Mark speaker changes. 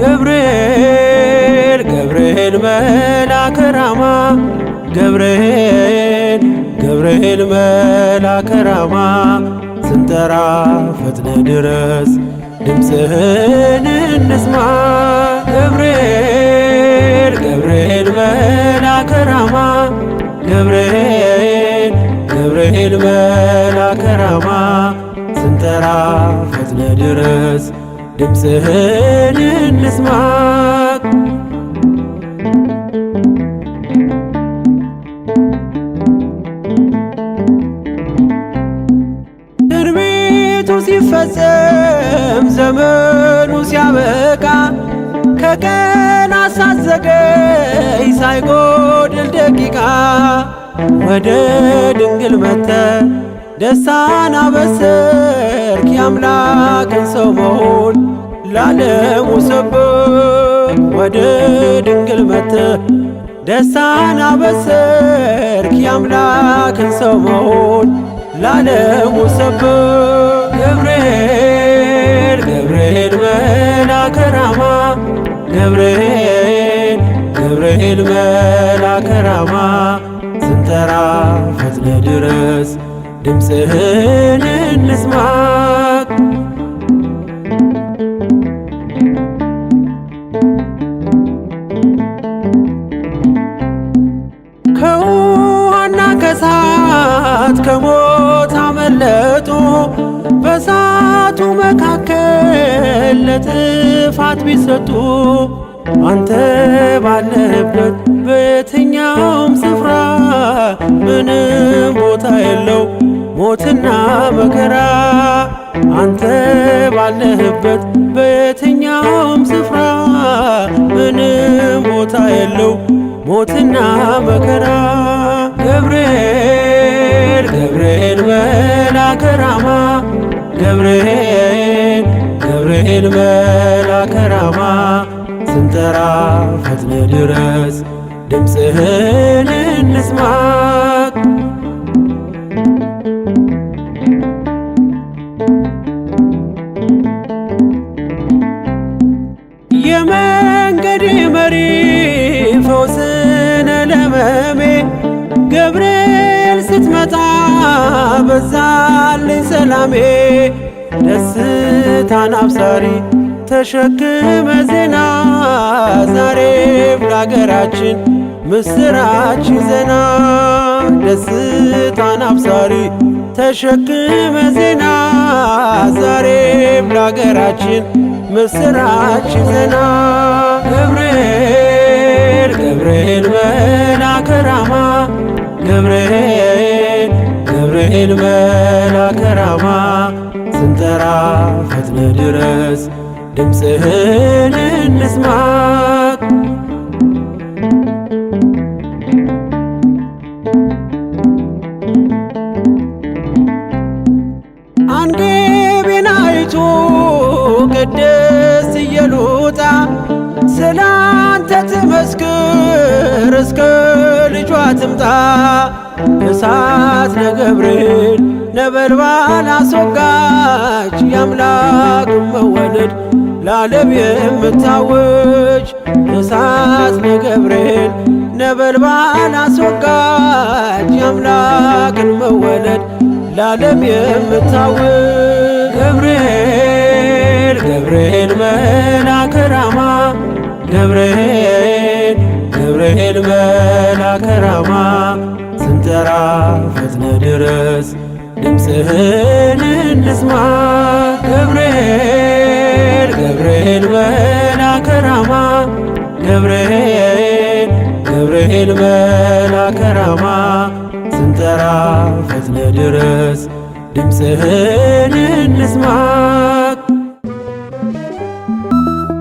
Speaker 1: ገብርኤል ገብርኤል መልአከ ራማ ገብርኤል ገብርኤል መልአከ ራማ ስንጠራ ፈጥነ ድረስ ድምፅህን እንስማ ገብርኤል ገብርኤል መልአከ ራማ ገብርኤል ገብርኤል መልአከ ራማ ስንጠራ ፈጥነ ድረስ ድምፅህን እንስማ ትንቢቱ ሲፈጸም ዘመኑ ሲያበቃ ከቀን አሳዘገይ ሳይጎድል ደቂቃ ወደ ድንግል መተ ደስታን አበሰርክ የአምላክን ሰው መሆን ላለሙ ሰብክ ወደ ድንግል መተ ደስታን አበሰርክ የአምላክን ሰው መሆን ላለሙ ሰብክ ገብርኤል ገብርኤል መልአከ ራማ ገብርኤል ገብርኤል መልአከ ራማ ስንጠራ ፈጥነ ድረስ ድምፅህን እንስማ ከውሃና ከሳት ከሞት አመለጡ በሳቱ መካከል ለጥፋት ቢሰጡ አንተ ባለህበት በየትኛውም ስፍራ ምንም ቦታ የለው ሞትና መከራ። አንተ ባለህበት በየትኛውም ስፍራ ምንም ቦታ የለው ሞትና መከራ። ገብርኤል ገብርኤል መላከራማ ገብርኤል ገብርኤል መላከራማ ስንጠራ ፈጥነ ድረስ ድምፅህን እንስማት የመንገድ መሪ ፈውስነ ለመሜ ገብርኤል ስትመጣ በዛልኝ ሰላሜ ደስታን አብሳሪ ተሸክመ ዜና ዛሬም ለአገራችን ምስራች ዜና ደስታን አብሳሪ ተሸክመ ዜና ዛሬም ለአገራችን ምስራች ዜና ገብርኤል ገብርኤል መልአከ ራማ ገብርኤል ገብርኤል መልአከ ራማ ስንጠራ ፈጥነ ድረስ ድምፅህን እንስማ አይቶ ቅድስት ኢየሉጣ ስላንተ ትመስክር እስከ ልጇ ትምጣ እሳት ነገብርኤል ነበልባል አስወጋች የአምላክ መወለድ ለዓለም የምታውጅ እሳት ነገብርኤል ነበልባል አስወጋች የአምላክን መወለድ ለዓለም የምታውጅ ገብርኤል ገብርኤል መልአከ ራማ ገብርኤል ገብርኤል መልአከ ራማ ስንጠራ ፈጥነ ድረስ ድምፅህን እንስማ ገብርኤል ገብርኤል መልአከ ራማ ገብርኤል ገብርኤል መልአከ ራማ ስንጠራ ፈጥነ ድረስ ድምፅህን እንስማ